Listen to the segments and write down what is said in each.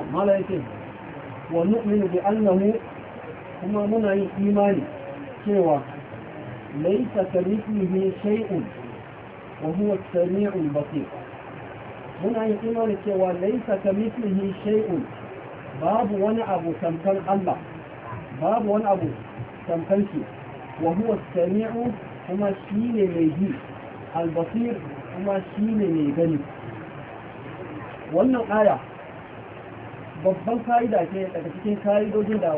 mala yake wa nu'minu bi annahu kuma muna yin imani cewa laisa kamithlihi shay'un wa huwa as-sami'ul basir muna yin imani cewa laisa kamithlihi shay'un babu wani abu tamkar Allah babu wani abu tamkar shi wa huwa as-sami'u kuma shi ne mai ji al-basir kuma shi ne mai gani wannan aya babban ka'ida ce daga cikin ka'idojin da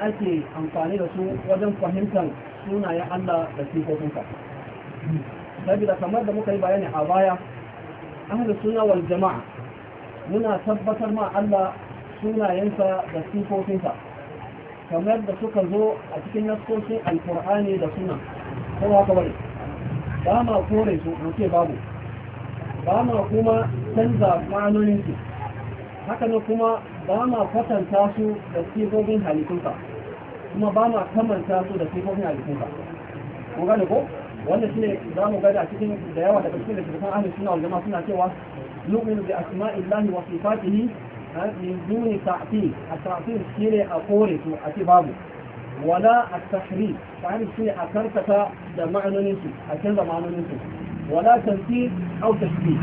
ake amfani da su wajen fahimtar sunayen Allah da sifofinsa saboda kamar da muka yi bayani a baya da suna wal jama'a muna tabbatar ma Allah sunayensa da sifofinsa kamar da suka zo a cikin naskokin alkur'ani da suna ko haka bari. ba ma kore su mu babu ba ma kuma canza ma'anoninsu. haka ne kuma ba ma kwatanta su da sifofin halittunka kuma ba ma kamanta su da sifofin halittunka kun gane ko wanda shine za mu gada cikin da yawa daga cikin littattafan ahli sunna wal jama'a suna cewa nu'minu bi asma'illahi wa sifatihi eh, min duni ta'til at-ta'til shine a kore su a ce babu wala at-tahrif ta'rif shine a karkata da ma'anonin su a canza ma'anonin su wala tanfid aw tashbih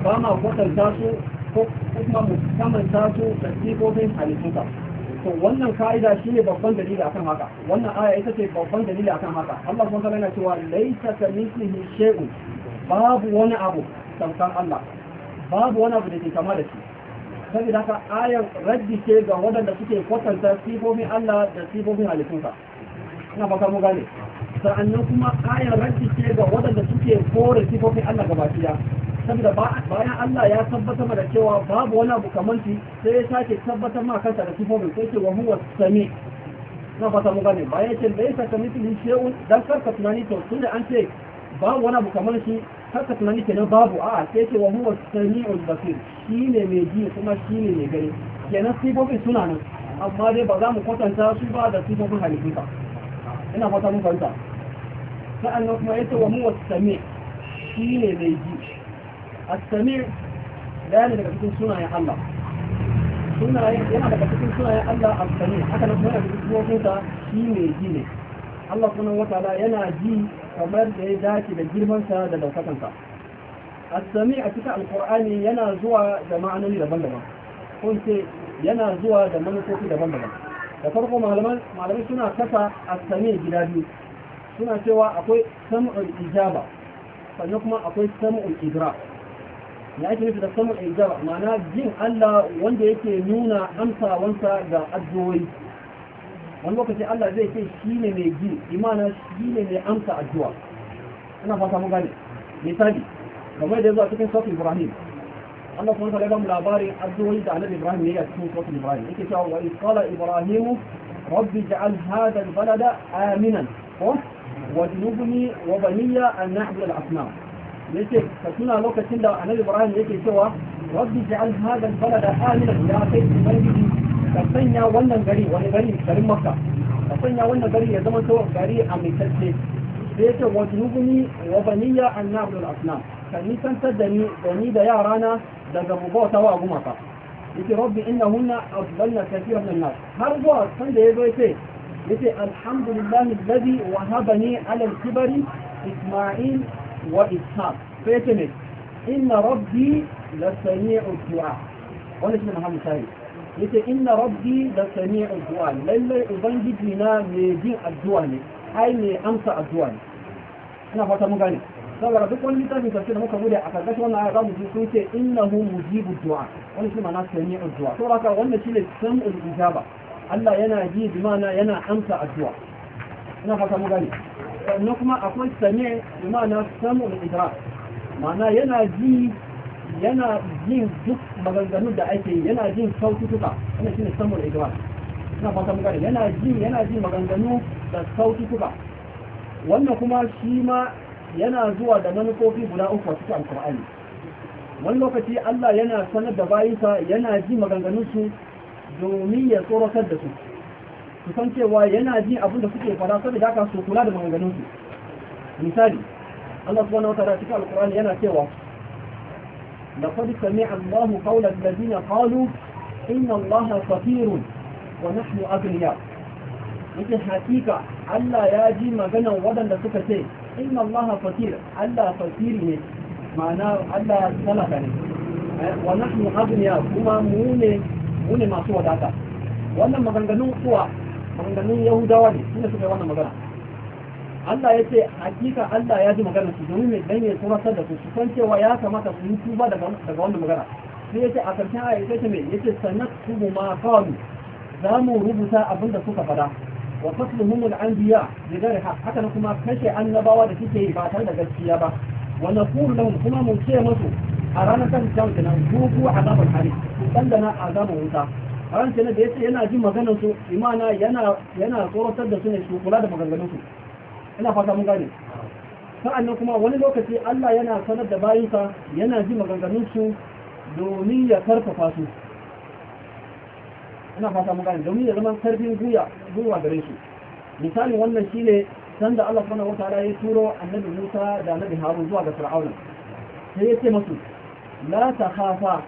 ba ma kwatanta su ko kuma mu kamanta da sifofin halittunsa to wannan ka'ida shi ne babban dalili akan haka wannan aya ita ce babban dalili akan haka Allah kuma yana cewa laisa ka mislihi shay'un babu wani abu tamkan Allah babu wani abu da ke kama da shi saboda haka ayar raddi ce ga waɗanda suke kwatanta sifofin Allah da sifofin halittunsa ina baka mu gane sa'annan kuma ayar raddi ce ga waɗanda suke kore sifofin Allah gaba ɗaya saboda bayan Allah ya tabbatar da cewa babu wani abu kamar shi sai ya sake tabbatar ma kansa da sifofin sai ce wa huwa sami na fata mu gane bayan ce bai saka shi ya dan karka tunani to tun da an ce babu wani abu kamar shi karka tunani kenan babu a'a sai ce wa huwa ul basir ne mai ji kuma shi ne mai gani kenan sifofin suna nan amma dai ba za mu kwatanta su ba da sifofin halitta ina fata kwanta fahimta sa'annan kuma yace wa huwa sami ne mai ji السميع ne daga cikin sunayen Allah sunaye yana daga cikin sunayen Allah al-sami haka nan kuma daga cikin shi ne ji ne Allah wata wataala yana ji kamar da ya dace da girman sa da daukakan sa al-sami a cikin alqur'ani yana zuwa da ma'anoni daban-daban kun ce yana zuwa da manufofi daban-daban da farko malaman malamai suna kasa al-sami gida biyu suna cewa akwai sam'ul ijaba sannan kuma akwai sam'ul idrak na ake nufi da samun ijar ma'ana jin Allah wanda yake nuna amsa wansa ga addu'o'i wani lokaci Allah zai ce shi ne mai ji imana shi ne mai amsa addu'a ina fata mun gane misali kamar da zuwa cikin sautin Ibrahim Allah kuma ta mu labarin addu'o'i da Annabi Ibrahim ya yi a cikin sautin Ibrahim yake cewa wa qala Ibrahim rabbi ja'al hadha al-balada aminan wa wajnubni wa baniya an na'budu al-asnam yace ka tuna lokacin da annabi ibrahim yake cewa rabbi ja'al hadha al-balada aminan ya kai ubangiji ka sanya wannan gari wani gari garin makka ka sanya wannan gari ya zama to gari amintacce sai yace wa junubuni wa baniya an na'budu al-asnam ka nisantar da ni da ni da yarana daga mubauta wa gumaka yace rabbi innahunna adlalna kathiran min nas har zuwa san da yazo yace yace alhamdulillahi alladhi wahabani ala al-kibari isma'il وإسحاق فيتمت إن ربي لسميع الدعاء وليس من هذا المسائل يتي إن ربي لسميع الدعاء للي أبنجد لنا ميدين الدعاء أي لأمسى الدعاء أنا فأتا مغاني سوى ربك ولم يتابع تفسير موكا مولي أكاداش وانا أعظم في إنه مجيب الدعاء وليس من هذا سميع الدعاء سوى ربك وانا تلك سمع الإجابة ألا ينا جيد مانا ينا أمسى الدعاء أنا فأتا مغاني sannan kuma akwai sane da ma'ana samun idra ma'ana yana ji yana jin duk maganganun da ake yi yana jin sautuka wannan shine samun idra fata muka da yana ji yana jin maganganu da sautuka wannan kuma shi ma yana zuwa da manufofi guda uku a cikin alkur'ani wani lokaci Allah yana sanar da bayinsa yana ji maganganunsu domin ya tsoratar da su su san cewa yana jin abin da kuke faɗa saboda aka so kula da maganganun su misali Allah subhanahu wa ta'ala cikin alqur'ani yana cewa laqad sami'a Allahu qawla alladhina qalu inna Allaha fakirun wa nahnu aghniya yake hakika Allah ya ji maganan waɗanda suka ce inna Allah fakir Allah fakiri ne ma'ana Allah talaka ne eh, wa nahnu aghniya kuma mu ne mu ne masu wadata wannan maganganun kuwa maganganun yahudawa ne suna suka wannan magana Allah ya ce hakika Allah ya ji magana su domin mai dan ya kuma da su su san cewa ya kamata su yi tuba daga daga wannan magana sai ya ce a karshen aya sai ta me yace sanat tubu ma qalu za mu rubuta abin da suka fada wa qatluhum al-anbiya bi ghairi haqq haka kuma kashe annabawa da suke yi ba tare da gaskiya ba wa naqulu lahum kuma mu ce musu a ranar kan jama'a nan dubu azabul hari. dan da na azabul wuta haramci ne da ya ce yana jin maganar su imana yana yana tsoratar da su ne su kula da maganganun su ina fata mun gane sa'annan kuma wani lokaci Allah yana sanar da bayinsa yana jin maganganun su domin ya karfafa su ina fata mun gane domin ya zama karfin guya guwa gare su Misali wannan shine sanda Allah subhanahu wata ya turo annabi Musa da annabi Harun zuwa ga Fir'auna sai ya ce musu la takhafa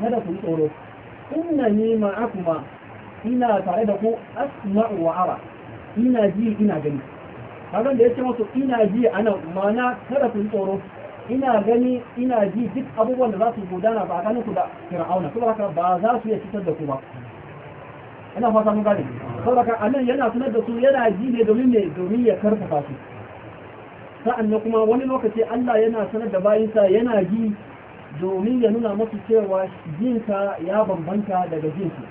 kada ku tsoro innani ma'akuma ina tare da ku asma'u wa ara ina ji ina gani kaga da ce wasu ina ji ana mana kada ku tsoro ina gani ina ji duk abubuwan da za su gudana ba kanin ku da fir'auna kuma haka ba za su iya fitar da ku ba ina fata mun gane saboda annan yana sanar da su yana ji ne domin ne domin ya karfafa su sa'an kuma wani lokaci Allah yana sanar da bayinsa yana ji domin ya nuna masu cewa jinka ya bambanta daga jinsu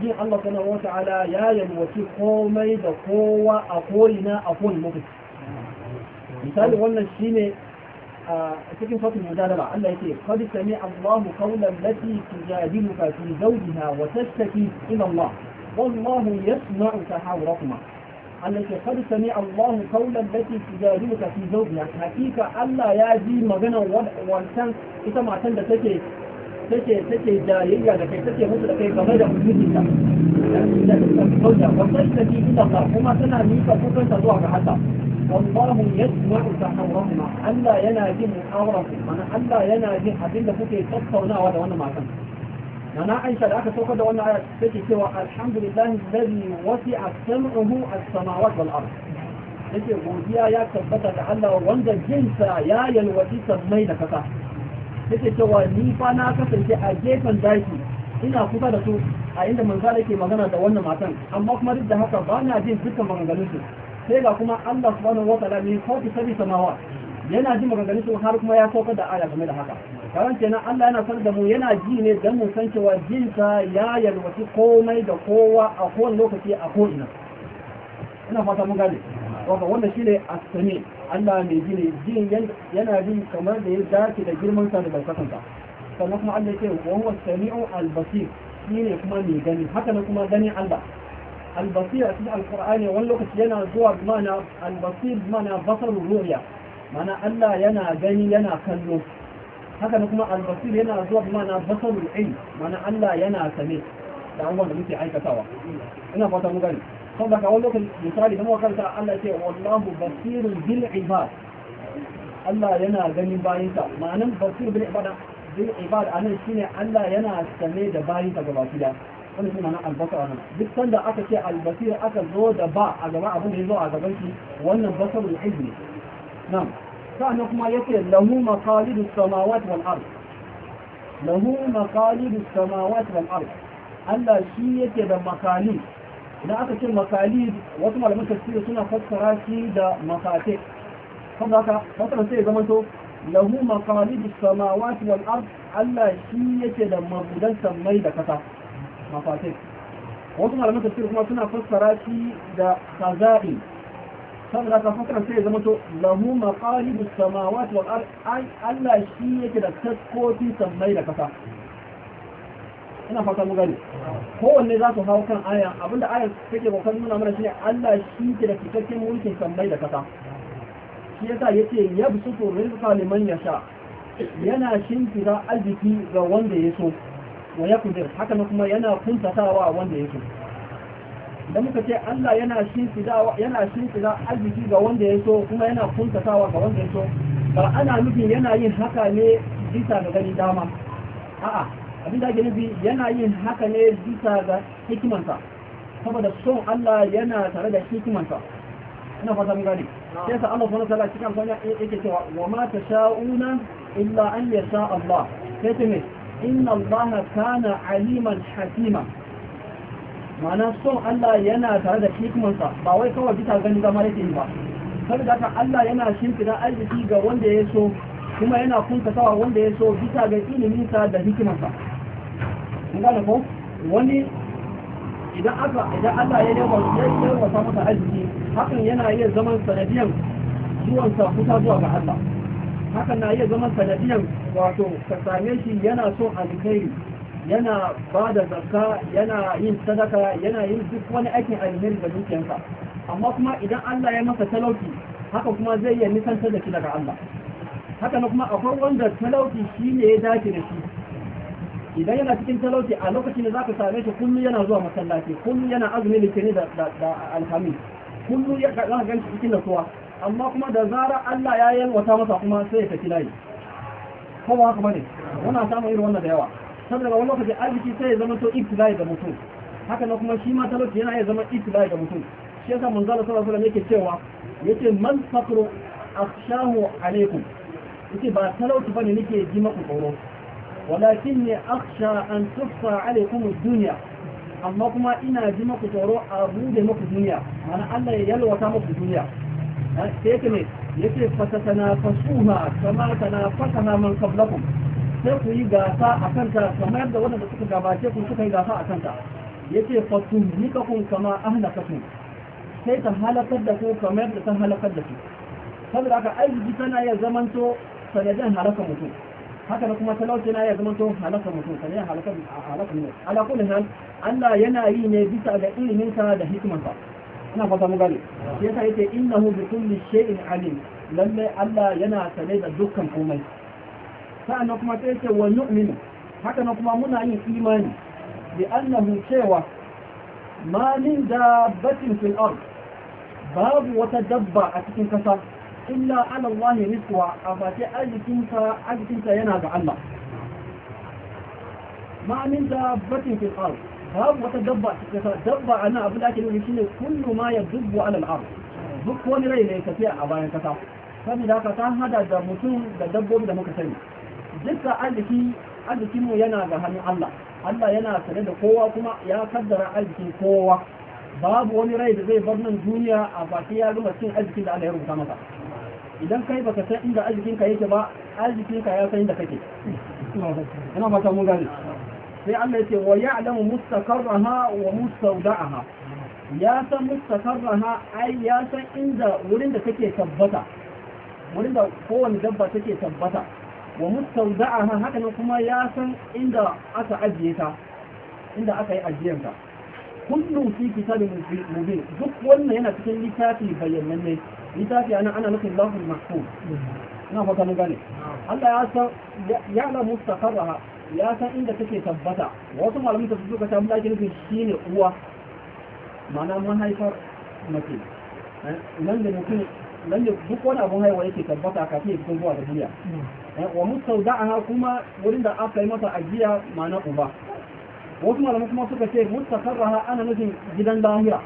jin Allah subhanahu wa ta'ala ya yalwaci komai da kowa a ko'ina a kowane lokaci misali wannan shine a cikin fatul mujadala Allah yake qad sami Allahu qawlan lati tujadiluka fi zawjiha wa tashtaki ila Allah wallahu yasma'u tahawurakuma التي قد سمع الله قولا التي تجاهلك في زوجها يعني حقيقة الله يا مغنى وضع وانسان إذا ما عشان تكي تكي تكي جاية لكي تكي مثل لكي غمد وجودك وصلت في إلى يعني الله وما سنع ميك فكرة الله حتى والله يسمع تحورهما ألا ينادي محاوركم أنا ألا ينادي حبيبك كي تتصونا ولا وانا ما كنت mana aisha da aka saukar da wannan ayat take cewa alhamdulillahi alladhi wasi'a sam'uhu as-samawati wal ard yake godiya ya tabbata da Allah wanda jinsa ya yalwaci sammai da kasa yake cewa ni fa na kasance a gefen daki ina kusa da su a inda manzala yake magana da wannan matan amma kuma duk da haka ba na jin dukkan maganganun su sai ga kuma Allah subhanahu wa ta'ala ne kawai sabi samawa yana jin maganganun su har kuma ya saukar da aya game da haka kawai Allah yana sanar da mu yana ji ne don mu san cewa jinsa ya yalwaci komai da kowa a kowane lokaci a ko'ina ina fata mun gane wanda ne a sani Allah mai ji ne jin yana jin kamar da ya dace da girman sa da daukakan sa sannan kuma Allah yake wa huwa samiu al-basir shine kuma mai gani haka nan kuma gani Allah al-basir a cikin alqur'ani wani lokaci yana zuwa mana al-basir mana basarul ruya mana Allah yana gani yana kallo haka na kuma albasir yana zuwa kuma na basarul mana Allah yana sane da abubuwan da muke aikatawa ina fata mu gani kan da lokacin misali da makaranta Allah ce wallahu basirul bil ibad Allah yana ganin bayinsa ma'anan basir bil ibad bil ibad anan shine Allah yana sane da bayinsa gaba ɗaya wannan shine ma'anar albasar nan duk sanda aka ce albasir aka zo da ba a gaba abin da ya zo a gaban shi wannan basarul ne na'am الإحسان هو ما يقول له مقالد السماوات والأرض له مقالد السماوات والأرض ألا شيء يتبع مقالد إذا أكثر شيء مقالد وطمع لما تفسير سنة فسرى شيء دا مقاتل فقد أكا فسرى شيء إذا ما تقول له مقالد السماوات والأرض ألا شيء يتبع مقالد سمي دا كتا مقاتل وطمع لما تفسير سنة فسرى شيء دا خزائي saboda ta fasara sai ya zama to lahu maqalibus samawati wal ard ai Allah shi yake da tsakoti sammai da kasa ina fata mu gani kowanne za su hau kan aya abinda aya take kokarin nuna mana shine Allah shi yake da tsakoti mulkin sammai da kasa shi yasa yace yabsutu rizqa liman yasha yana shimfira arziki ga wanda ya so wa yakudir haka kuma yana kuntatawa wanda ya so da muka ce Allah yana shimfidawa yana shimfida arziki ga wanda ya so kuma yana kuntatawa ga wanda ya so ba ana nufin yana yin haka ne bisa ga gani dama a'a abin da ake nufi yana yin haka ne bisa ga hikimansa saboda son Allah yana tare da hikimansa ina fata mun gane sai sa Allah subhanahu wataala cikin alƙur'ani yake cewa wa ma tasha'una illa an yasha Allah sai ce ne inna Allah kana aliman hakima ma'ana son Allah yana tare da hikimansa ba wai kawai bisa gani zama yake yi ba saboda da Allah yana shimfida arziki ga wanda ya so kuma yana kawai wanda ya so bisa ga iliminsa da hikimansa gane ko wani idan Allah ya yi ya arziki hakan yana iya zaman sanadiyan zuwansa kusa zuwa ga Allah hakan na iya zaman sanadiyan wato ka same shi yana son alkhairi yana ba da zarka yana yin sadaka yana yin duk wani aikin alheri da dukiyarsa amma kuma idan Allah ya masa talauci haka kuma zai yi nisantar da shi daga Allah haka na kuma akwai wanda talauci shi ne ya dace da shi idan yana cikin talauci a lokacin da za ka same shi kullum yana zuwa masallaci kullum yana azumi litini da alhamis kullum ya ga shi cikin nasuwa amma kuma da zarar Allah ya yi wata masa kuma sai ya tafi layi ko ba haka bane muna samun irin wannan da yawa saboda wani lokaci arziki sai ya zama to ibtilai ga mutum haka na kuma shi ma talauci yana iya zama ibtilai ga mutum shi yasa manzo Allah sallallahu alaihi yake cewa yace man faqru akhshahu alaikum yace ba talauci bane nake ji maku tsoro ne akhsha an tufsa alaikum ad-dunya amma kuma ina ji maku tsoro a bude maku duniya mana Allah ya yalwata maku duniya eh, sai yake ne yace fatatana fasuha kama tana fasaha man qablakum sai ku yi gasa a kanta kamar yadda waɗanda suka gabace ku suka yi gasa a kanta Ya yace fatun nikakun kama ahlakatun sai ta halakar da ku kamar yadda ta halakar da ku saboda haka aiki tana iya zamanto sanadin halakar mutum haka da kuma talauci na iya zamanto halakar mutum sanadin halakar mutum ne ala kulli hal Allah yana yi ne bisa ga iliminsa da hikimarsa Ana fata mu gane sai yasa yace innahu bi kulli shay'in alim lalle Allah yana sane da dukkan komai sa'annan kuma sai ce wa nu'minu haka na kuma muna yin imani da annahu cewa ma min dabbatin fil ard babu wata dabba a cikin kasa illa ala Allah rizqa amma sai arzikinta ka yana ga Allah ma min dabbatin fil ard babu wata dabba a cikin kasa dabba ana abu da ake nufi shine kullu ma yadubbu ala al ard duk wani rai ne tafiya a bayan kasa saboda haka ta hada da mutum da dabbobi da muka sani duka arziki arzikin mu yana ga hannun Allah Allah yana sane da kowa kuma ya kaddara arzikin kowa babu wani rai da zai bar nan duniya a baki ya gama cin arzikin da Allah ya rubuta maka idan kai baka san inda arzikin ka yake ba arzikin ka ya san inda kake ina fata mun gane sai Allah ya ce wa ya'lamu mustaqarraha wa mustawda'aha ya san mustaqarraha ai ya san inda wurin da take tabbata wurin da kowane dabba take tabbata wa mustawda'aha haka ne kuma ya san inda aka ajiye ta inda aka yi ajiyar ta kullum fi kitabin mubin duk wannan yana cikin littafi bayyananne littafi ana ana nufin lafin mahfuz ina fata mun gane Allah ya san ya la mustaqarraha ya san inda take tabbata wasu malamai ta suka ta mulaki nufin shine uwa ma'ana haifar mace eh, nan da mutum duk wani abun haihuwa yake tabbata kafin ya fito zuwa da duniya eh, wa musau da'aha kuma wurin da aka yi masa ajiya ma'ana uba wasu malamai kuma suka ce mustakarraha ana nufin gidan lahira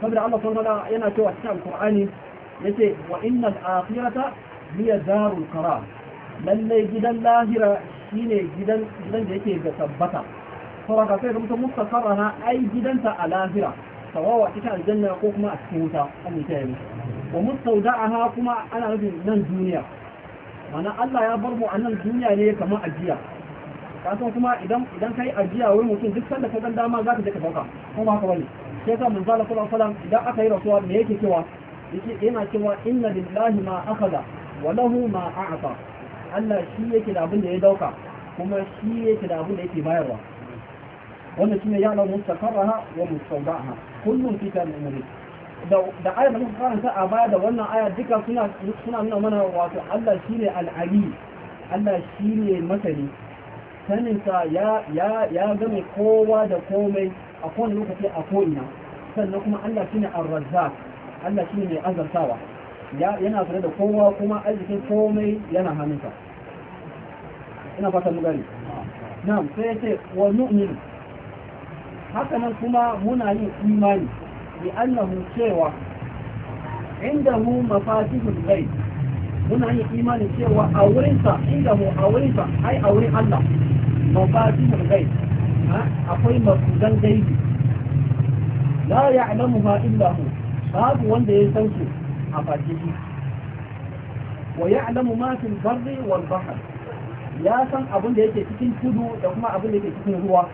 saboda Allah sun faɗa yana cewa cikin alkur'ani yace wa innal akhirata hiya darul qarar lallai gidan lahira shine gidan gidan da yake da tabbata saboda sai kuma ai gidanta a lahira sawawa ita aljanna ko kuma a cikin wuta Allah ya yi wa mustawda'aha kuma ana nufin nan duniya mana Allah ya bar mu a nan duniya ne kamar ajiya kasan kuma idan idan kai ajiya wurin mutum duk sanda ka dama zaka je ka dauka ko ba haka bane sai ka manzo Allah sallallahu alaihi wasallam idan aka yi rasuwa me yake cewa yake yana cewa inna lillahi ma akhadha wa lahu ma a'ta Allah shi yake da abin da ya dauka kuma shi yake da abin da yake bayarwa wanda shine ya lamu mustaqarraha wa mustawdaha kullum fi kitabin mubin da da ayar da muka karanta a baya da wannan aya duka suna suna nuna mana wato Allah shine al-ali Allah shine masani saninsa ya ya ya game kowa da komai a kowane lokaci a ko'ina sannan kuma Allah shine ar-razzaq Allah shine mai azartawa yana tare da kowa kuma arzikin komai yana hannunsa ina fata mu gani na'am sai ce wa nu'minu hakanan kuma muna yin imani bi annahu cewa indahu mafatihul ghaib muna yin imani cewa a wurinsa indahu a sa, ai a wurin Allah mafatihul ghaib akwai mafudan gaibi la ya'lamuha illa hu babu wanda ya san su a fatihi wa ya'lamu ma fil barri wal bahr ya san abin da yake cikin tudu da kuma abin da yake cikin ruwa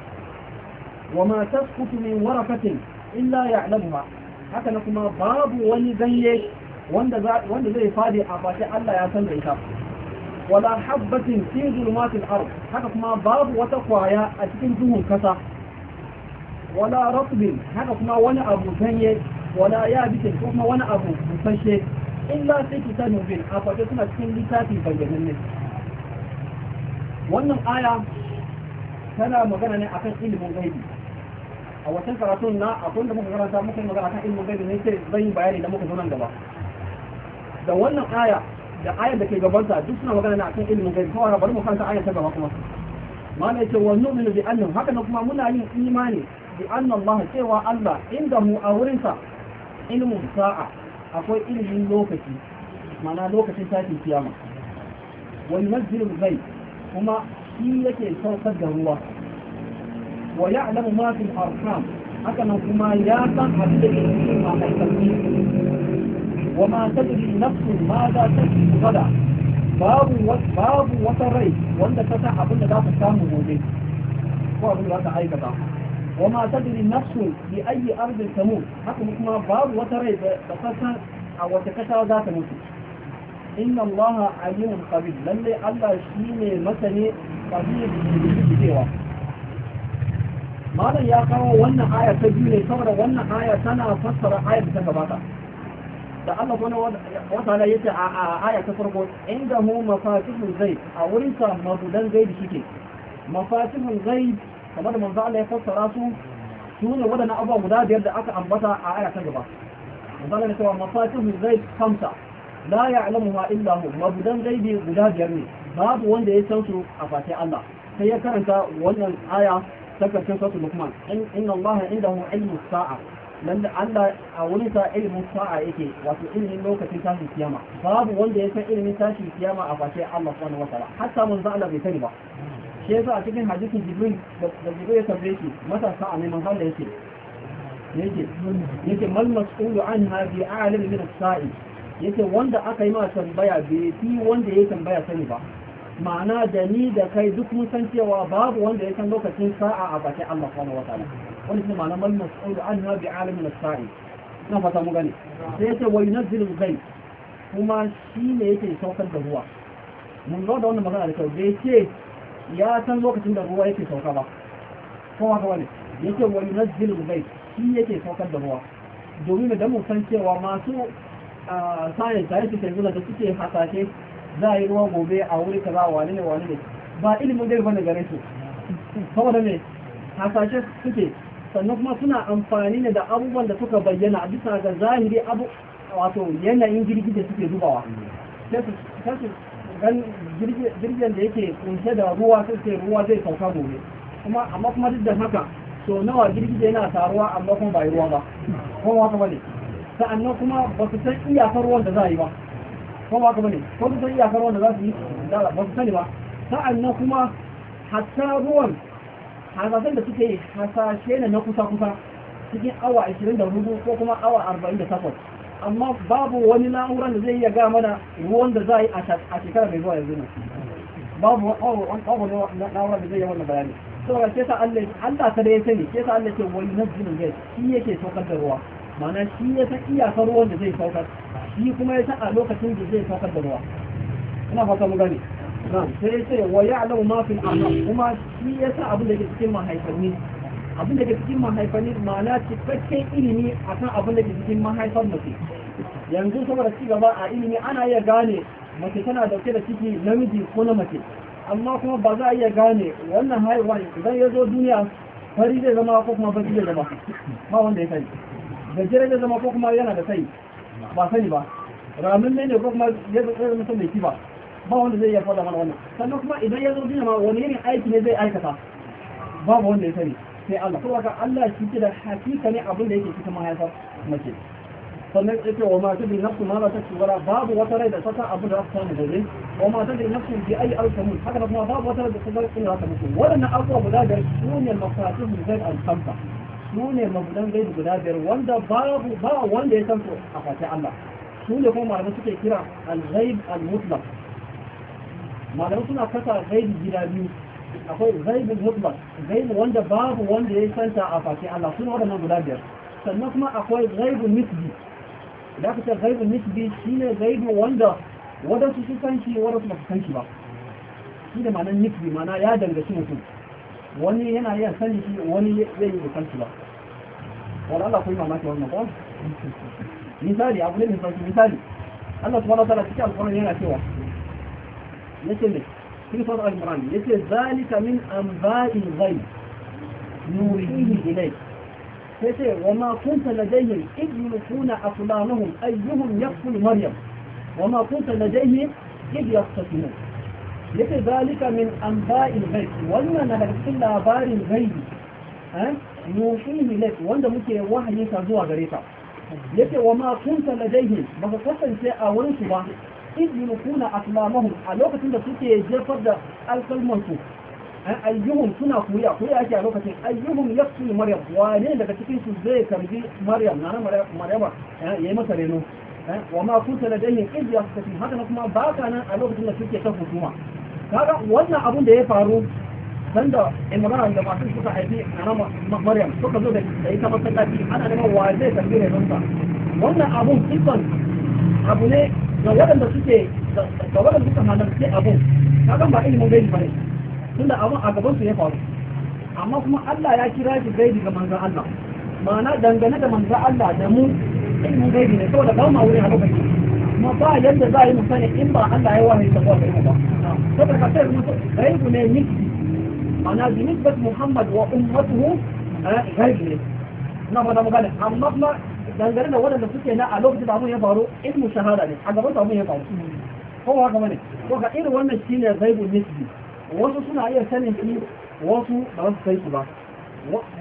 وما تسقط من ورقة illa يعلمها haka na kuma babu wani ganye wanda zai fadi a fashe Allah ya san da ita wala habbatin fi zulmatil ard haka kuma babu wata kwaya a cikin duhun kasa wala ratbin haka kuma wani abu ganye wala yabitin ko kuma wani abu busashe illa sai kitan a fashe suna cikin littafi bayyananne wannan aya tana magana ne akan ilimin gaibi a wancan karatun na akwai da muka karanta muka yi magana kan ilmin gaibi ne sai zan yi bayani da muka zo nan gaba da wannan aya da ayar da ke gabanta duk suna magana na akan ilmin gaibi kawai bari mu karanta ayar ta gaba kuma mana ce, wa nu'minu bi annam haka na kuma muna yin imani bi annallahu Allah cewa Allah inda mu a wurin sa ilmun sa'a akwai ilmin lokaci mana lokacin tashin kiyama wa yunzilu ghaib kuma shi yake saukar da ruwa wa ya'lamu ma fil arham haka nan kuma ya san abin da ke cikin mahaifanni wa ma tadri nafsun ma za ta ci gada babu babu wata rai wanda ta san abin da za ta samu gobe ko abin da za ta aikata wa ma tadri nafsun bi ayi ardin tamu haka kuma babu wata rai da ta san a wata kasa za ta mutu inna allaha alimun qabil lalle allah shine masani qabil da cewa malam ya kawo wannan aya ta biyu ne saboda wannan aya tana fassara aya da ta gabata da Allah kuma wata na yace a aya ta farko inda mu mafatihul zai a wurin sa mabudan ghaib shike mafatihul ghaib kamar da manzo Allah ya fassara su su ne wadannan abubuwa guda biyar da aka ambata a aya ta gaba manzo Allah ya ce mafatihul ghaib khamsa la ya'lamuha illa hu mabudan ghaibi guda biyar ne babu wanda ya san su a fati Allah sai ya karanta wannan aya tabbacin sautu lukman inna Allah indahu ilmu sa'a lalle Allah a wurin sa ilimin sa'a yake wato ilimin lokacin tashin kiyama babu wanda ya san ilimin tashin kiyama a face Allah subhanahu wa ta'ala hatta mun za Allah bai sani ba shi yasa a cikin hadisin Jibril da Jibril ya tambaye shi masa sa'a ne manzo Allah yake yake yake mal mas'ulu anha bi a'lam min as-sa'i yake wanda aka yi ma tambaya bai fi wanda ya tambaya sani ba ma'ana da ni da kai duk mun san cewa babu wanda ya san lokacin sa'a a bakin Allah subhanahu wataala wani shi ma'ana mal mas'ul anha bi alamin as-sa'i na fata mu gani. sai yace wa yunzilul ghaib kuma shi ne yake saukar da ruwa mun ga da wannan magana da kyau da yace ya san lokacin da ruwa yake sauka ba ko haka wani yace wa yunzilul ghaib shi yake saukar da ruwa domin da mu san cewa masu ah, science da yake da suke hasashe za a yi ruwan gobe a wuri kaza wani ne wani ne ba ilimin zai bane gare su saboda ne hasashe suke sannan kuma suna amfani ne da abubuwan da suka bayyana a bisa ga zahiri abu wato yanayin jirgin da suke zubawa. sai jirgin da yake kunshe da ruwa sai sai ruwa zai sauka gobe kuma amma kuma duk da haka so nawa jirgin da yana taruwa amma kuma ba ruwa ba kuma wata bane sa'annan kuma ba su san iyakar ruwan da za a yi ba ko ba ka bane ko su iya iyakar wanda za su yi da ba su sani ba sa'an nan kuma hatta ruwan hasashen da suke yi hasashe ne na kusa-kusa cikin awa 24 ko kuma awa 48 amma babu wani na'urar da zai iya ga mana ruwan da za a yi a shekara mai zuwa yanzu babu na'urar da zai yi wannan bayani saboda ke Allah ta da ya sani ke sa Allah ke wani na nazirin gai shi yake saukar da ruwa mana shi ya san iyakar ruwan da zai saukar shi kuma ya san a lokacin da zai saukar da ruwa ina fata mu gane sai sai wa alam ma fi al'am kuma shi ya san abin da ke cikin mahaifanni abin da ke cikin mahaifanni ma'ana cikakken ilimi akan abin da ke cikin mahaifar mace yanzu saboda ci gaba a ilimi ana iya gane mace tana dauke da ciki namiji ko na mace amma kuma ba za a iya gane wannan haihuwa idan ya zo duniya fari zai zama ko kuma fari zai zama ba wanda ya sani gajeren ya zama ko kuma yana da sai ba sani ba ramin ne ne ko kuma ya zama mutum mai kiba ba wanda zai iya faɗa mana wannan sannan kuma idan ya zo duniya ma wani irin aiki ne zai aikata babu wanda ya sani sai Allah ko ka Allah shi ke da hakika ne abin da yake cikin mahaifar mace sannan ya ce wa ma tabi nafsu ma ba ta ci wala babu wata rai da ta san abu da ta da gobe wa ma tabi nafsu bi ayi alkamu haka kuma babu wata rai da ta san in za ta mutu waɗannan abubuwa guda biyar su ne mafatihul ghaib al-khamsa su ne mabudan gaibu guda biyar wanda babu ba wanda ya san su a fati Allah su ne kuma malamai suke kira al-ghaib al-mutlaq malamai suna kasa gaibu gida biyu akwai ghaibul mutlaq gaibu wanda babu wanda ya san ta a fati Allah su ne waɗannan guda biyar sannan kuma akwai ghaibul nisbi da aka ce ghaibul nisbi shine gaibu wanda wadansu su san shi wadansu ba su san shi ba shi da ma'anar nisbi ma'ana ya dangaci mutum wani yana iya sani shi wani zai yi san shi ba wala Allah kuma mamaki wannan ba misali abu ne mai misali Allah في فرع المران إيه؟ مثل ذلك من أنباء الغيب نوريه إليك إيه؟ وما كنت لديهم إذ يلقون أقلامهم أيهم يقتل مريم وما كنت لديهم إذ يقتسمون مثل ذلك من أنباء الغيب وما نهلك إلا أبار الغيب nufihi lak wanda muke wahayi zuwa gare ta yake wa ma kunta ladaihim ka kasance a wurin su ba idin kuna aslamahum a lokacin da suke jefar da alkalman su eh, ayyuhum suna kuya kuriya ake a lokacin ayyuhum yaksul maryam wane daga cikin su zai karbi maryam nana maryama eh, yi masa reno eh, wa ma kunta ladaihim na yastafin haka kuma ka nan a lokacin da suke ta hukuma kaga wannan abun da ya faru sanda imran da masu suka haifi na maryam suka zo da ita masallaci ana neman wa zai tambaye ne ta. wannan abun sifan abu ne ga waɗanda suke ga waɗanda suka halarci abun kaga ba ilimin gaibi bane tunda abun a gaban su ya faru amma kuma Allah ya kira shi gaibi ga manzon Allah ma'ana dangane da manzon Allah da mu ilimin gaibi ne saboda ba ma wuri a lokaci kuma ba yadda za a yi mu sani in ba Allah ya wahayi ta zuwa gaibi ba saboda ka sai mu gaibi ne Muhammad معناها بنسبة محمد وأمته غير نعم أنا مغانا Amma kuma dangane da waɗanda suke na a lokacin da abin ya faru ilmu shahada ne a gaban da abin ya faru ko haka bane ko ga irin wannan shine zaibul nisbi wasu suna iya sanin shi wasu ba su sai shi ba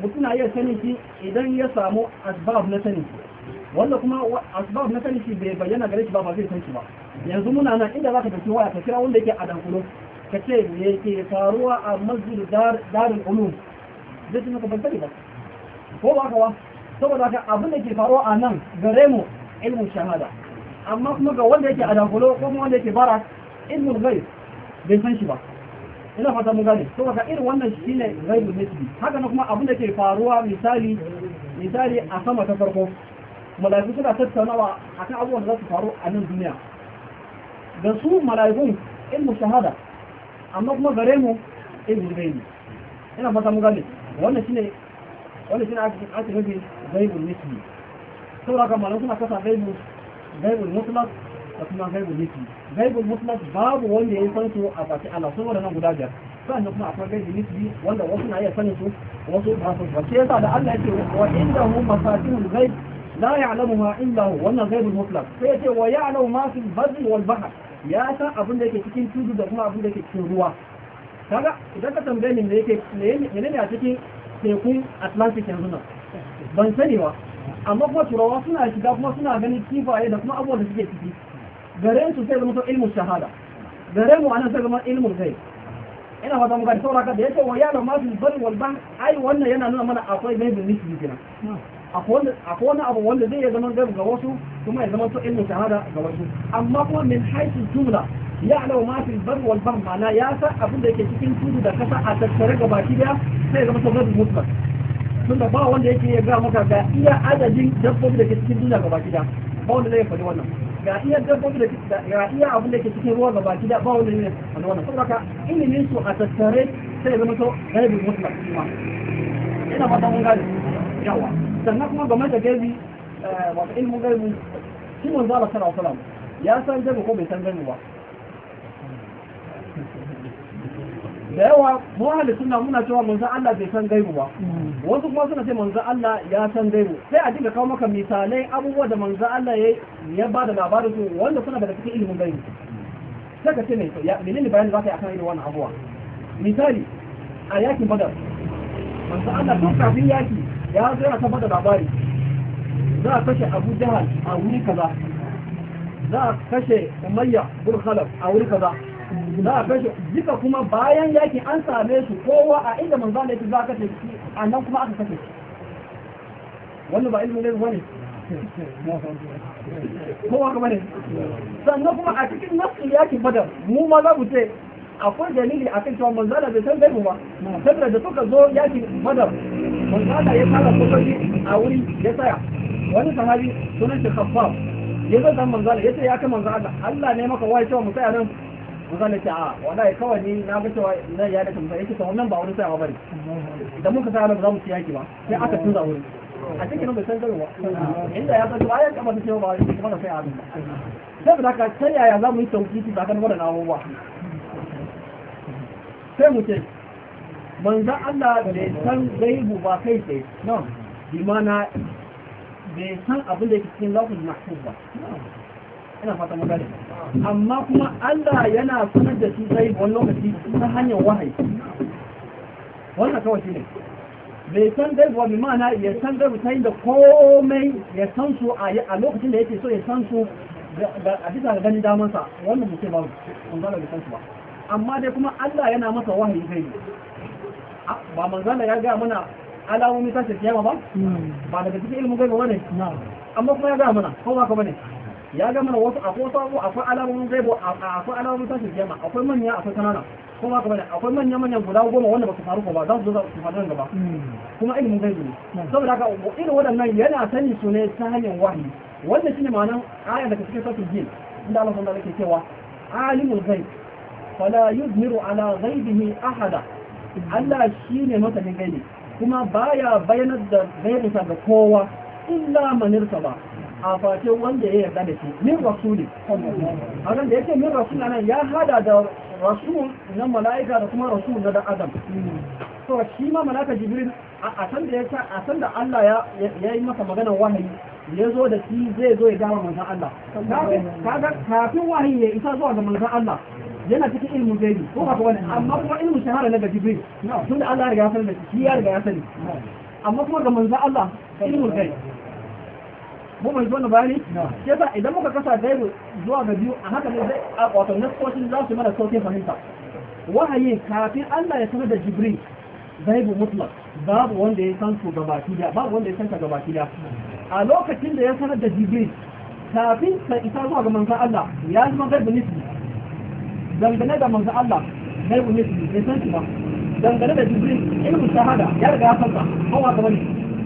mutum na iya sanin shi idan ya samu asbab na sanin shi wanda kuma asbab na sanin shi bai bayyana gare shi ba ba zai san shi ba yanzu muna nan inda ka tafi waya ka kira wanda yake a dankulo ka ce me ke faruwa a masjid darin ulum zai ce maka bantari ba ko ba kawa? saboda haka abin da ke faruwa a nan gare mu ilmin shahada amma kuma ga wanda yake a dankulo ko kuma wanda yake bara ilmin gai bai san shi ba ina fata mun gane to ka irin wannan shine gaibu nisbi haka na kuma abin da ke faruwa misali misali a sama ta farko malaiku suna tattaunawa akan abubuwan da za su faru a nan duniya da su malaikun ilmu shahada amma kuma gare mu sai gurbe ne ina fata mu gane wannan shine wannan shine ake ake nufi gaibul nisbi saboda haka malamai suna kasa gaibul gaibul mutlaq da kuma gaibul nisbi gaibul mutlaq babu wanda ya san su a face Allah saboda nan guda biyar sannan kuma akwai gaibul nisbi wanda wasu na iya sanin su wasu ba su ba sai yasa da Allah yake wa indahu mafatihul ghaib لا يعلمها إلا هو وأن غير المطلق فيأتي ويعلم ما في البر والبحر ya san abin da yake cikin tudu da kuma abin da yake cikin ruwa kaga idan ka tambaye ni me yake ne ne a cikin tekun Atlantic yanzu nan ban sani ba amma kuma turawa suna shiga kuma suna ganin kifaye da kuma abubuwan da suke ciki gare su sai zama ilmu shahada gare mu anan sai zama ilmu zai ina fata muka sauraka da yake wa yalo masu bal wal ban ai wannan yana nuna mana akwai bin nisbi kenan akwai wani abu wanda zai iya zaman gab ga wasu kuma ya zama to ilmin shahada ga wasu amma kuma min haisu jumla ya alau ma fil bar wal bahr ma'ana ya sa abin da yake cikin tudu da kasa a tattare ga baki daya sai ya zama to gab mutlak da ba wanda yake ya ga maka ga iya adadin dabbobi da ke cikin duniya ga baki daya ba wanda zai faɗi wannan ga iya dabbobi da ga iya abin da ke cikin ruwa ga baki daya ba wanda zai faɗi wannan saboda ka ilimin su a tattare sai ya zama to gab mutlak kuma ina fata mun gane yawa sannan kuma game da gaibi eh, wato ilmin gaibi shi manzo Allah sallallahu alaihi ya san gaibi ko bai san gaibi ba da yawa mu ahli suna muna cewa manzo Allah bai san gaibi ba wasu kuma suna ce manzo Allah ya san gaibi sai a dinga kawo maka misalai abubuwa da manzo Allah ya ya ba da labarin su wanda suna daga cikin ilmin gaibi sai ka ce ne ya menene bayani za ka yi akan irin wannan abuwa misali a yakin badar manzo Allah tun kafin yaki ya zo ya tabbata labari za a kashe abu jahal a wuri kaza za a kashe umayya bin a wuri kaza za a kashe duka kuma bayan yaki an same su kowa a inda manzo Allah za a kashe shi a nan kuma aka kashe wannan ba ilmin ne bane kowa kuma ne sannan kuma a cikin nasu yakin badar mu ma za mu ce akwai dalili a kan cewa manzala bai san gaibu ba saboda da suka zo yaki badar Manzana ya fara sojoji a wuri ya tsaya wani sahabi sunan shi khaffaf ya zo san manzala ya ce ya kai manzala Allah ne maka wai cewa mu tsaya nan Manzana ce a wallahi kawai ni na ga cewa zan ya da manzala yake to wannan ba wani tsayawa bane da muka tsaya nan za mu ci yaki ba sai aka tunza wuri a cikin nan bai san gaibu inda ya zo ya kamar da cewa ba wani kuma da sai abin ba saboda haka sai yaya za mu yi tauki ba kan wadannan abubuwa sai mu ce manzan Allah bai san gaibu ba kai sai no bimana bai san abin da yake cikin lafin mahfuz ba ina fata magana amma kuma Allah yana sanar da shi sai wani lokaci ta hanyar wahayi wannan kawai shine bai san gaibu ba bimana ya san gaibu ta da komai ya san su a lokacin da yake so ya san su a bisa ganin damansa wannan mutum ba wanda san su ba amma dai kuma Allah yana masa wahayi zai ah, ba manzala ya gaya mana alamomi ta ce kiyama ba ba daga cikin ilimin gaiba bane amma kuma ya gaya mana ko ba ka bane ya gaya mana wasu akwai sabo akwai alamomin gaiba akwai alamomin ta ce kiyama akwai manya akwai kanana ko ba ka bane akwai manya manyan guda goma wanda ba su faru ba za su zo su faru gaba hmm. kuma ilimin gaiba ne saboda haka irin waɗannan yana sani su ne ta hanyar wahayi wannan shine ma'anar aya daga cikin sautin jin inda Allah sun da yake cewa alimul gaiba fala yuzhiru ala ghaibihi ahada Allah shine masa gaibi kuma baya bayanar da gaibinsa ga kowa illa manirsa ba a face wanda ya yarda da shi min rasuli a nan da yake min nan ya hada da rasul na mala'ika da kuma rasul na dan adam to shi ma mala'ika jibril a san da a san da Allah ya yi masa magana wahayi ya zo da shi zai zo ya gama manzon Allah kaga kafin wahayi ya isa zuwa ga manzon Allah yana cikin ilmin gaibi ko haka wani amma kuma ilmin shahara na gaji bai tun da Allah ya riga sani da shi ya riga ya sani amma kuma ga manzo Allah ilmin gaibi mu mai zuwa bayani Ke sa idan muka kasa gaibi zuwa ga biyu a haka ne zai a wato nasoshin za su mana sauke fahimta wahayi kafin Allah ya sanar da Jibril gaibi mutlaq babu wanda ya san su gabaki da babu wanda ya san ka gabaki da a lokacin da ya sanar da Jibril kafin ka isa zuwa ga manzo Allah ya zama gaibi nisbi dangane da manzo Allah na yi ne san shi ba dangane da jibril ilmin shahada ya riga ya fasa hawa gaba ne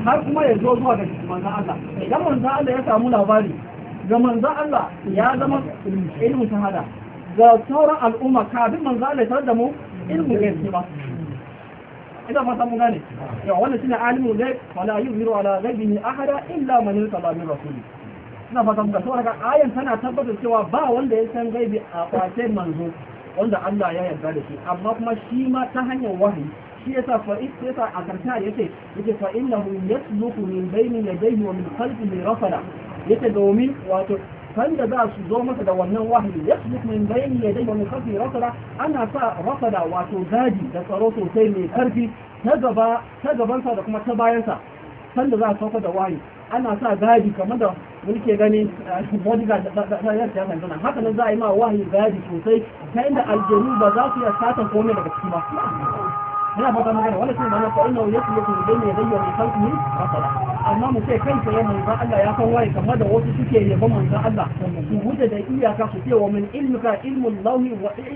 har kuma ya zo zuwa ga manzo Allah idan manzo Allah ya samu labari ga manzo Allah ya zama ilmin shahada ga sauran al'umma kafin manzo Allah ya da mu ilmin gaske ba ina fata mun gane yawa wannan shine alimul ghaib wala yuziru ala ghaibihi ahada illa man yutaba min rasuli suna fatan ka saboda ayan tana tabbatar cewa ba wanda ya san gaibi a kwace manzo wanda Allah ya yarda da shi amma kuma shi ma ta hanyar wahayi shi yasa fa yasa a karta yake yace fa innahu yasluku min bayni yadayhi wa min khalfihi rafala yace domin wato sanda za su zo masa da wannan wahayi yasluku min bayni yadayhi wa min khalfihi rafala ana sa rafala wato gadi da tsaro sosai mai karfi ta gaba ta gabansa da kuma ta bayansa sanda za su sauka da wahayi ana sa gadi kamar da wani gani eh, bodyguard da ɗanyar haka nan za a yi ma wahayi gadi sosai ta inda aljanu ba za su iya sata kome daga ciki ba yana baka magana wani sun mana fa'ina ya yasu yake zai ne zai da kan ne masala amma mu sai kai ya ba Allah ya san waye kamar da wasu suke yaba manzan Allah su wuce da iyaka su ce wa min ilmuka ilmun lauhi wa eh,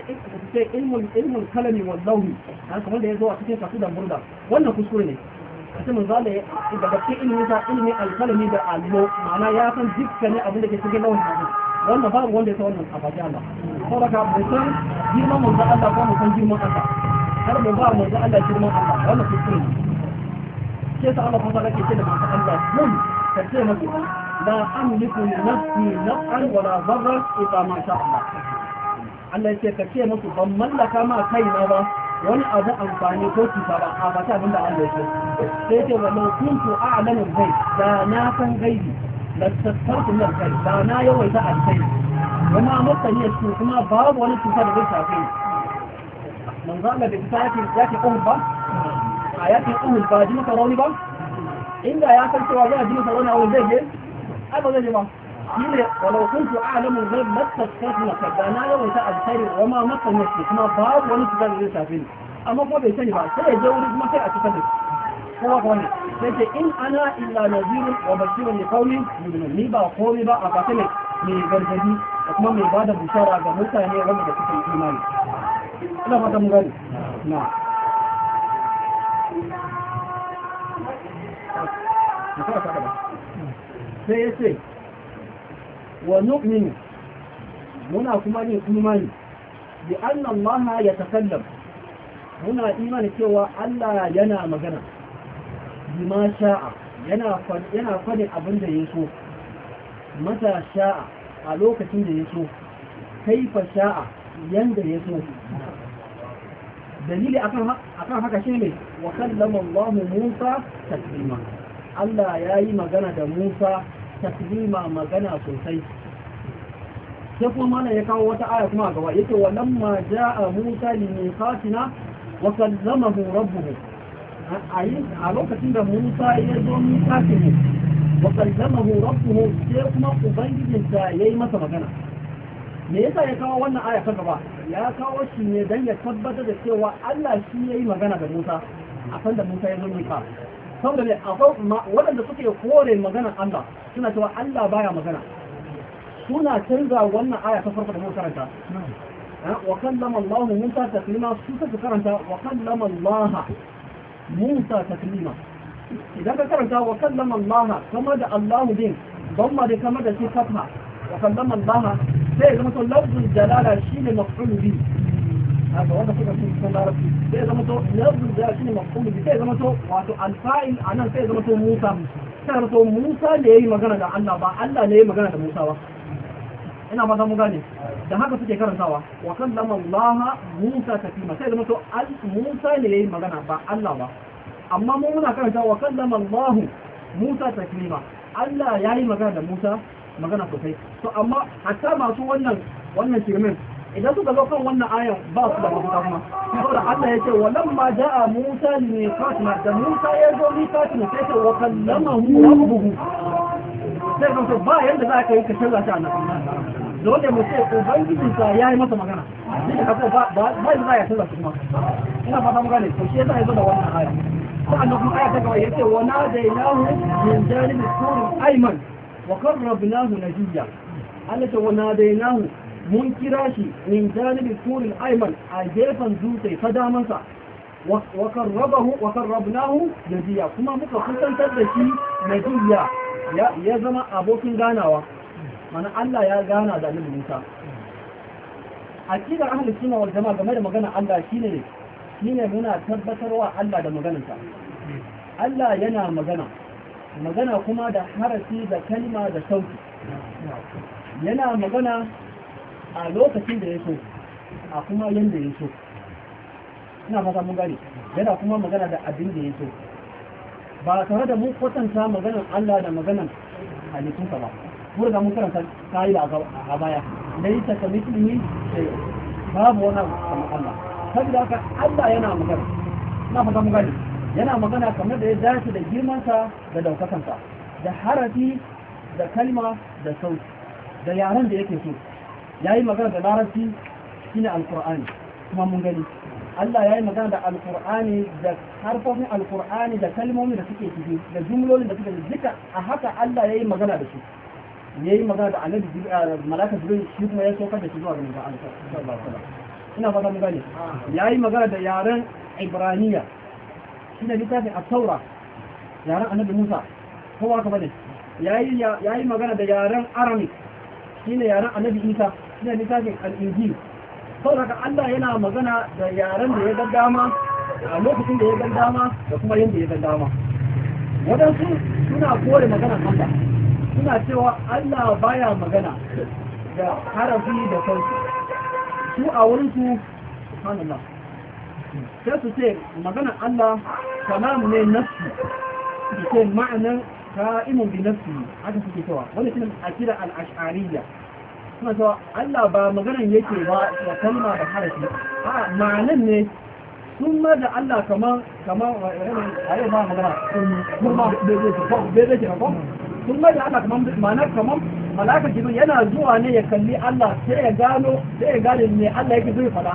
eh, ilmun kalami wa lauhi kamar da ya zo a cikin kasu da murda wannan kuskure ne sai mun yi daga cikin ilimin sa ilimin alkalami da allo ma'ana ya san dukkanin abin da ke cikin lawan hadin wannan mu wanda ya san wannan a faɗi Allah saboda mu san girman manzo Allah ko mu san girman Allah har mu ba manzo Allah girman Allah wannan kuskure ne sai sa Allah fasa lake ce da manzo Allah mun ta ce maka la amliku nafsi naf'an wala dharra illa ma sha Allah Allah ya ce ka ce musu ban mallaka ma kaina ba wani abu amfani ko cuta ba a bata abinda Allah ya ce sai ce wallau kuntu a'lamu ghaib da na san gaibi da tattarku min kai da na yawaita alkai kuma mutane su kuma babu wani cuta da zai shafe manzo Allah da ta yake yake uhud ba a yake uhud ba ji maka rauni ba inda ya san cewa zai ji maka rauni a wajen zai je ai ba zai je ba كثيرة ولو كنت أعلم الغيب ما تتكتنا فأنا لو تأثيري وما مطل نفسك ما باب ونسبة للسافين أما قد يتنبع سيئ جورك ما تأثيري فأخواني سيئ إن أنا إلا نذير وبشير لقوم من الميبا وقوم با أفاتمك من البرجدي وكما من بعد بشارة جمالتا هي غمدة في الإيمان أنا فاتم غالي نعم Sí, sí. wa nu'minu muna kuma yin imani bi anna Allah ya takallam muna imani cewa Allah yana magana bima sha'a yana yana fadin abin da yaso mata sha'a a lokacin da yaso kaifa sha'a yanda yaso dalili akan haka shi ne wa kallama Allah Musa taklima Allah ya yi magana da Musa taklima magana sosai sai kuma mana ya kawo wata aya kuma gaba yake wannan ma ja'a Musa li miqatina wa kallamahu rabbuhu a lokacin da Musa ya zo miqatina wa kallamahu rabbuhu sai kuma ubangijinsa yayi masa magana me yasa ya kawo wannan aya ta gaba ya kawo shi ne dan ya tabbatar da cewa Allah shi yayi magana da Musa a san da Musa ya zo miqatina saboda ne akwai waɗanda suke kore maganar Allah suna cewa Allah baya magana suna canza wannan aya ta farko da mun karanta wa kallama Allah Musa taklima su suka karanta wa kallama Allah Musa taklima idan ka karanta wa kallama Allah kama da Allah din ban ma da kama da shi kafa wa kallama Allah sai zama to lafzul jalala shine maf'ul bi haka wanda suka fi cikin larabci zai zama to lafzul da shi ne mafhumi zai zama to wato alfa'il anan sai zama to Musa sai zama to Musa ne ya yi magana da Allah ba Allah ne ya yi magana da Musa ba ina ba za mu gane da haka suke karantawa wa kan kallama Allah Musa ta taklima sai zama to al Musa ne ya yi magana ba Allah ba amma mu muna karantawa wa kan kallama Allah Musa ta taklima Allah ya yi magana da Musa magana sosai to amma hatta masu wannan wannan shirmin idan suka zo kan wannan ayan ba su da mafita kuma saboda Allah ya ce wa walam ma ja'a Musa ne Fatima da Musa ya zo ni Fatima sai ta wa kallama hu rabbuhu sai kan ba yanda za ka yi ka shirya shi annabi dole mu ce ubangiji sa ya yi masa magana shi ka ko ba ba za ya shirya kuma ina fata mu gane to shi yasa ya zo da wannan hali sa'annan kuma aya ta gaba ya ce wa na nadainahu min janibi turin ayman wa qarrabnahu najiya Allah ta wa nadainahu mun kira shi min janibi turil ayman a gefen dutse ta damansa wa karrabahu wa karrabnahu kuma muka kusantar da shi najiya ya zama abokin ganawa mana Allah ya gana da Annabi Musa aqidar ahlus sunna wal jamaa game da magana Allah shine shine muna tabbatarwa Allah da maganarsa Allah yana magana magana kuma da harafi da kalma da sauti yana magana a lokacin da ya so a kuma yadda ya so ina fasa mun yana kuma magana da abin da ya so ba tare da mun kwatanta maganan Allah da maganan halittunsa ba mun riga mun karanta kayi a baya laisa yi mislihi babu wani kamar Allah saboda haka Allah yana magana na fasa mun yana magana kamar da ya dace da girmansa da daukakansa da harafi da kalma da sauti da yaren da yake so ya yi magana da larabci ne alkur'ani kuma mun gani Allah ya yi magana da alkur'ani da harfofin alkur'ani da kalmomin da suke ciki da jumlolin da suke duka a haka Allah ya yi magana da shi. ya yi magana da annabi eh, malaka jibril shi kuma ya saukar da shi zuwa ga manzon Allah sallallahu alaihi wasallam ina fata mun gani. ya yi magana da yaren ibraniya ne littafin at-taura yaren annabi Musa kowa ka bane ya yi magana da yaren Aramik shi ne yaren annabi Isa shine littafin al-injil saboda Allah yana magana da yaren da ya ga dama a lokacin da ya ga dama da kuma yadda ya ga dama wadansu suna kore magana Allah suna cewa Allah baya magana da harafi da sauti su a wurin su subhanallah sai su ce maganar Allah kalam ne nafsi su ce ma'anar ka'imun bi nafsi haka suke cewa wani shi ne al ashariya kuma cewa Allah ba maganan yake ba da kalma da harafi a ma'anan ne sun ma da Allah kamar kamar a yau ba magana sun ma bai zai kira ko sun ma da Allah kamar ma'anar kamar malaka jibril yana zuwa ne ya kalli Allah sai ya gano sai ya gane me Allah yake zai faɗa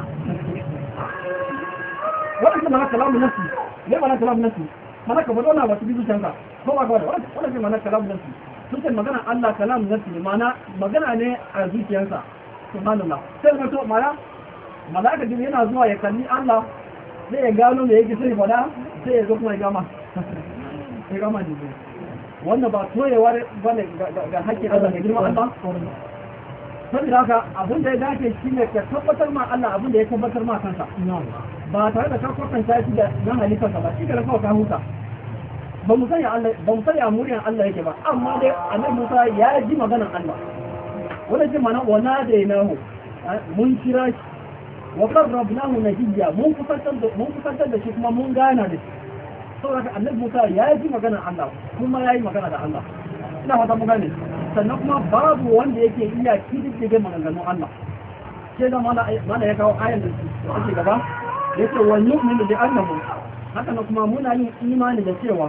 wannan ma'anar kalamun nafsi ne ma'anar kalamun nafsi malaka ba dona ba su bi zuciyarka ko ba ka ba wannan ma'anar kalamun nafsi suke magana Allah kalam na su mana magana ne a zuciyarsa subhanallah sai ka to mala malaka jin yana zuwa ya kalli Allah zai ya gano me yake sai fada sai ya zo kuma ya gama ya gama jin wannan ba toyewa bane ga hakkin Allah da girman Allah saboda haka abin da ya dace shi ne ka tabbatar ma Allah abin da ya tabbatar ma kansa ba tare da ka kwatanta shi da nan halittarsa ba shi ka rafa ka huta ba mu sani a ba Allah yake ba amma dai annabi Musa ya ji maganan Allah wannan ji mana wa mu eh, mun kira shi wa qarrabnahu na hijiya mun kusantar da shi kuma mun gana da shi saboda annabi Musa ya ji maganan Allah kuma ya yi magana da Allah ina wata mu gane sannan kuma babu wanda yake iya kididdige maganganun Allah sai da mana ya kawo ayan da ake gaba yace wa nu'minu bi annahu haka kuma muna yin imani da cewa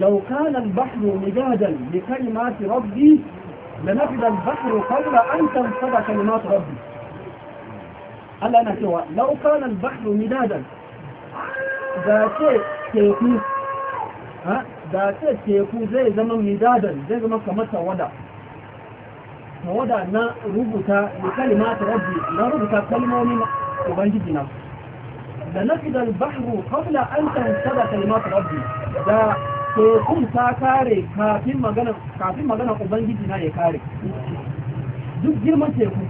لو كان البحر مدادا لكلمات ربي لنفذ البحر قبل أن تنفذ كلمات ربي ألا نتوى لو كان البحر مدادا ذاته تيكو ذاته تيكو زي زمن مدادا زي زمن كمتا ودا ودا نا ربطا لكلمات ربي نا ربطا كلموني وبنجدنا لنفذ البحر قبل أن تنفذ كلمات ربي tekun ta kare kafin magana ubangiji na ya kare duk girman teku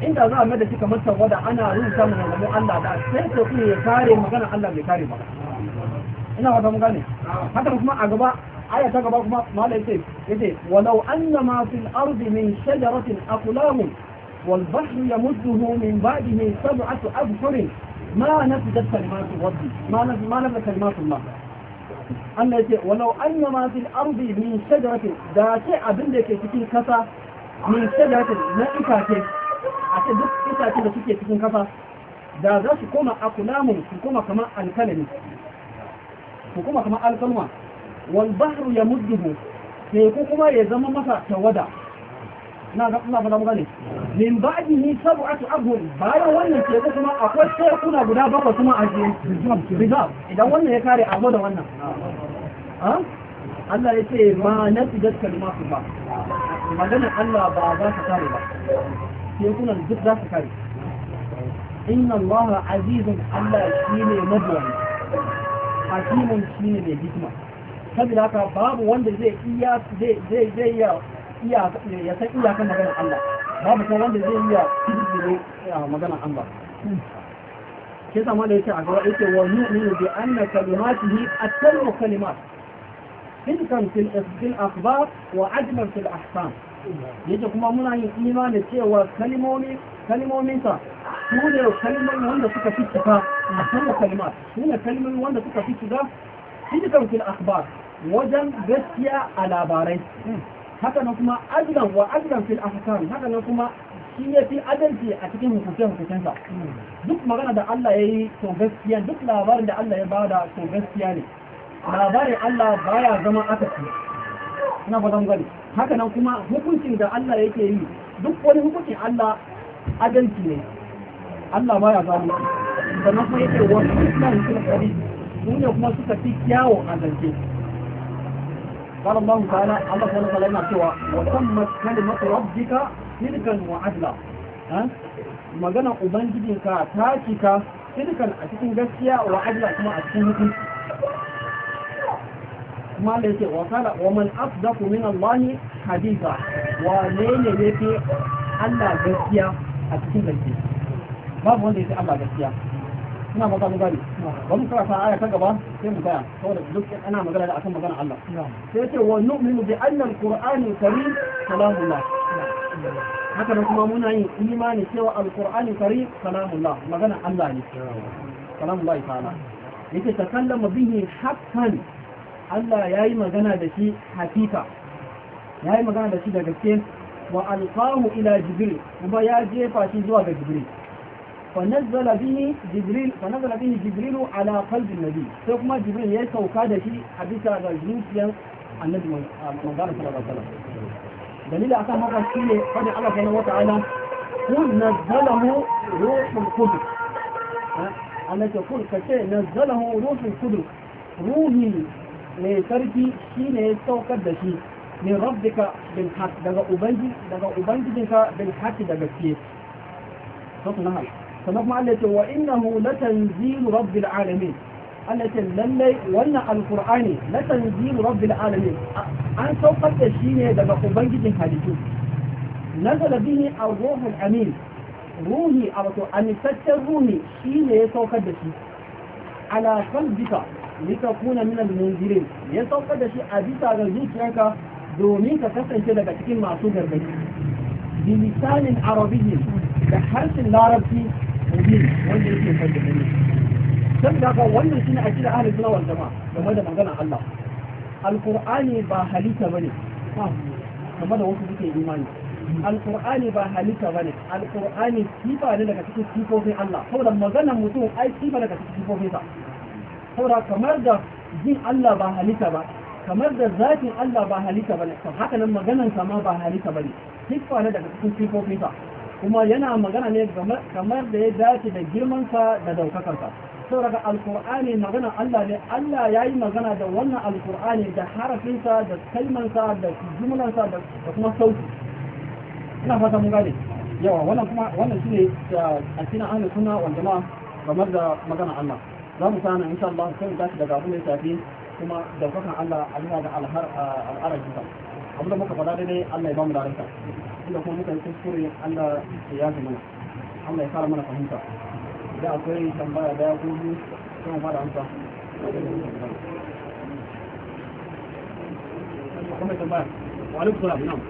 inda za a mai da shi kamar tawada ana rubuta mu malamin Allah da sai tekun ya kare magana Allah bai kare ba ina wata mun gane haka kuma a gaba aya ta gaba kuma malai ce yace walau annama fil ardi min shajaratin aqlamun والبحر يمده من بعده سبعة أبحر ما نفذت كلمات ربي ما نفذت كلمات الله Allah yace walau anna ma fil ardi min shajaratin da ce abin da ke cikin kasa min shajaratin na itace a ce duk itace da suke cikin kasa da za su koma akulamu su koma kama alkalami su koma kama alkalma wal bahru yamudduhu sai ko kuma ya zama masa tawada ina ga ina ga gane min a sab'atu abhur bayan wannan ke kuma akwai sai kuna guda bakwai kuma a je rizab idan wannan ya kare a zo da wannan Allah ya ce ma na su da kalmatu ba maganar Allah ba za su kare ba sai kuna duk za su kare inna Allah azizun Allah shine madwani hakimun shine mai hikima Sabida haka babu wanda zai iya zai zai iya ya san iyakan maganar Allah babu kuma wanda zai iya kirkire maganar Allah ke sama da yake a gaba yake wa yu'minu bi anna kalimatihi atalu kalimat kan fil asbil akhbar wa ajmal fil ahkam yace kuma muna yin imani cewa kalimomi kalimominsa su ne kalimomi wanda suka fi cika atalu kalimat su ne kalimomi wanda suka fi cika tilkan fil akhbar wajen gaskiya a labarai haka nan kuma ajiyar wa ajiyar fil ahkam haka nan kuma shi ya fi adalci a cikin hukunce ta duk magana da Allah ya yi to gaskiya duk labarin da Allah ya bada to gaskiya ne labarin Allah baya zama ce na ba gani haka nan kuma hukuncin da Allah yake yi duk wani hukuncin Allah adalci ne Allah baya zama sannan kuma yake wasu islam sun ne kuma suka fi kyawo adalci قال الله تعالى الله سبحانه وتعالى ما سوى وتمت كلمة ربك صدقا وعدلا ها magana ubangijinka ta cika sirkan a cikin gaskiya wa kuma a cikin hukun kuma da yake wa kala wa man asdaqu min Allah haditha wa lene yake Allah gaskiya a cikin babu wanda yake Allah gaskiya suna ba mu gani ba mu karanta aya ta gaba sai mu tsaya saboda duk ana magana da akan magana Allah sai ce wa nu'minu bi anna al-qur'ani karim kalamullah haka nan kuma muna yin imani cewa al-qur'ani karim kalamullah magana Allah ne kalamullah ta'ala yake ta kallama bihi haqqan Allah yayi magana da shi hakika yayi magana da shi da gaske wa alqahu ila jibril kuma ya jefa shi zuwa ga jibril فنزل به جبريل فنزل به جبريل على قلب النبي ثم جبريل يسوق هذا شيء حديث هذا رجلوس النبي مقال آه، صلى الله عليه وسلم دليل أكام هذا الشيء قد الله سبحانه وتعالى قل نزله روح القدس آه، أنا تقول كشيء نزله روح القدس روحي لتركي شيء يسوق هذا شيء من ربك بالحق دقا أبنجي دقا أبنجي بالحق دقا كيف صوت نهار sannan kuma Allah ce wa innahu latanzilu rabbil alamin Allah ce lallai wannan alqur'ani latanzilu rabbil alamin an saukar da shi ne daga ubangijin halittu nazala bihi ar-ruhul amin ruhi a wato amintaccen ruhi shi ne ya saukar da shi ala qalbika litakuna min al-munzirin ya saukar da shi a bisa ga zuciyarka domin ka kasance daga cikin masu gargadi bilisanin arabiyyin da harshen larabci mu'min wanda yake fadda ne saboda haka wannan shine akida ahli sunna wal jamaa game da magana Allah alqur'ani ba halitta bane game da wasu suke imani alqur'ani ba halitta bane alqur'ani sifa ne daga cikin sifofin Allah saboda magana mutum ai sifa daga cikin sifofin sa saboda kamar da jin Allah ba halitta ba kamar da zatin Allah ba halitta bane haka nan maganan sa ba halitta bane sifa ne daga cikin sifofin sa kuma yana magana ne kamar da ya dace da girmansa da daukakarsa saboda alkur'ani magana Allah ne Allah ya yi magana da wannan alkur'ani da harafinsa da kalmansa da jumlansa da kuma sauti ina fata mun gane yawa wannan kuma wannan shine uh, a cikin ahlus sunna wal jama'a kamar da magana Allah za mu sana insha Allah sai mu daga abin da ya kuma daukakan Allah a ga uh, al'arajinsa abin da muka faɗa dai Allah ya ba mu inda kuma muka kuskure Allah ya yafi mana Allah ya fara mana fahimta da akwai tambaya daya ko biyu sai fara amsa kuma tambaya wa alaikum salam na'am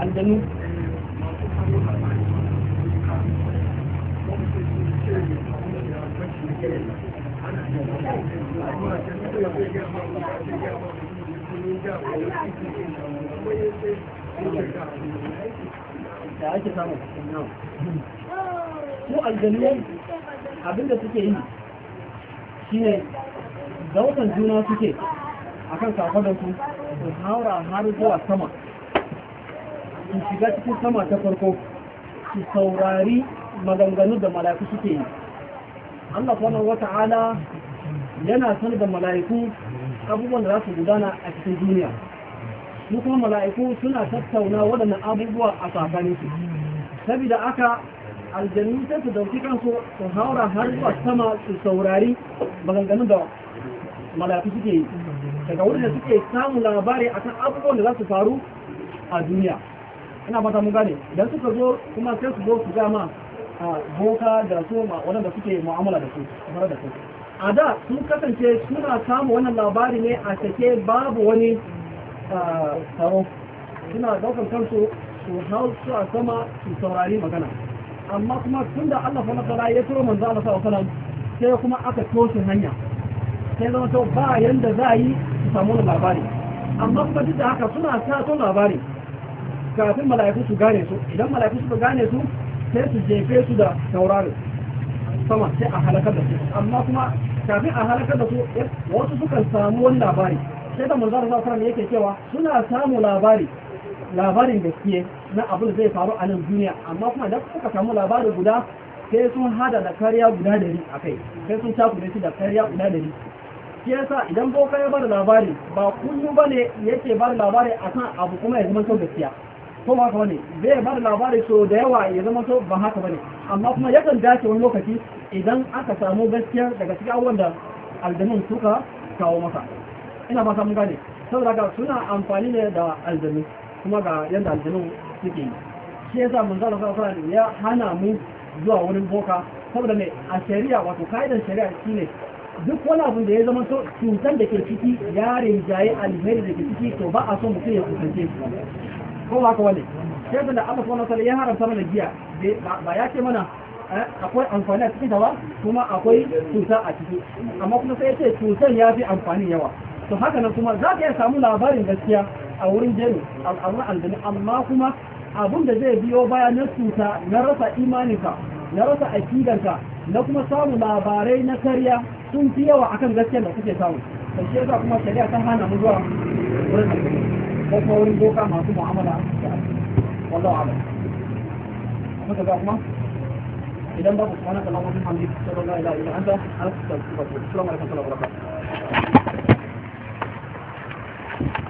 aljanu Thank you. da ake samun su aljaniyar abinda suke yi shine dautan juna suke akan kafadansu su haura har zuwa sama su shiga cikin sama ta farko su saurari maganganu da malafi suke yi Allah kwanar wata'ala yana sanar da mala'iku abubuwan da za su gudana a cikin duniya su kuma mala'iku suna tattauna waɗannan abubuwa a su saboda aka aljannu sai su dauki kansu su haura har zuwa sama su saurari maganganun da mala'iku suke yi daga wurin da suke samun labari akan abubuwan da za su faru a duniya ina fata mun gane idan suka zo kuma sai su zo su gama a ah, boka da su waɗanda suke mu'amala da su da su a da sun kasance suna samu wannan labari ne a take babu wani tsaro suna daukan kansu su hau su a sama su saurari magana amma kuma tun da Allah fana tsara ya turo manzo a sallallahu alaihi sai kuma aka toshe hanya sai zama to ba yadda za a yi su samu wani labari amma kuma duk da haka suna sato labari kafin mala'iku su gane su idan mala'iku suka gane su sai su jefe su da taurari sama sai a halakar da su amma kuma kafin a halakar da su eh, wasu sukan samu wani labari sai da manzara sa sallam yake cewa suna samu labari labarin ke na abin da zai faru a nan duniya amma kuma da suka samu labari guda sai sun hada da kariya guda dari a kai sai sun da shi da kariya guda dari shi yasa idan boka ya bar labari ba kullum bane yake bar labari akan abu kuma ya zama gaskiya ko ba haka zai ba da labari so da yawa ya zama so ba haka bane amma kuma yakan dace wani lokaci idan aka samu gaskiya daga cikin abubuwan da aljanun suka kawo maka. ina ba samun gane saboda ga suna amfani ne da aljamin kuma ga yadda aljanun suke yi shi yasa mun zama kawai ya hana mu zuwa wurin boka saboda mai a shari'a wato ka'idar shari'a ne duk wani abin da ya zama to cutar da ke ciki ya rinjaye alheri da ke ciki to ba a so mutum ya kusance shi ko ba ka wani sai da Allah subhanahu ta'ala ya haramta mana giya ba ya ce mana eh, akwai amfani a cikin ba kuma akwai cuta a ciki amma kuma sai ya ce cutar ya fi amfani yawa to haka nan kuma za ka iya samu labarin gaskiya a wurin jeri al'amma aljani amma kuma abun da zai biyo baya na cuta na rasa imaninka na rasa akidanka na kuma samu labarai na karya sun fi yawa akan gaskiyar da kuke samu to shi yasa kuma shari'a ta hana mu zuwa wurin Saya mahu orang buka mata muamalah. Kalau ada, Apa tu kata mak? Idam bapak mana kalau mak mandi cerita ada ila anda harus cerita. Selamat malam selamat malam.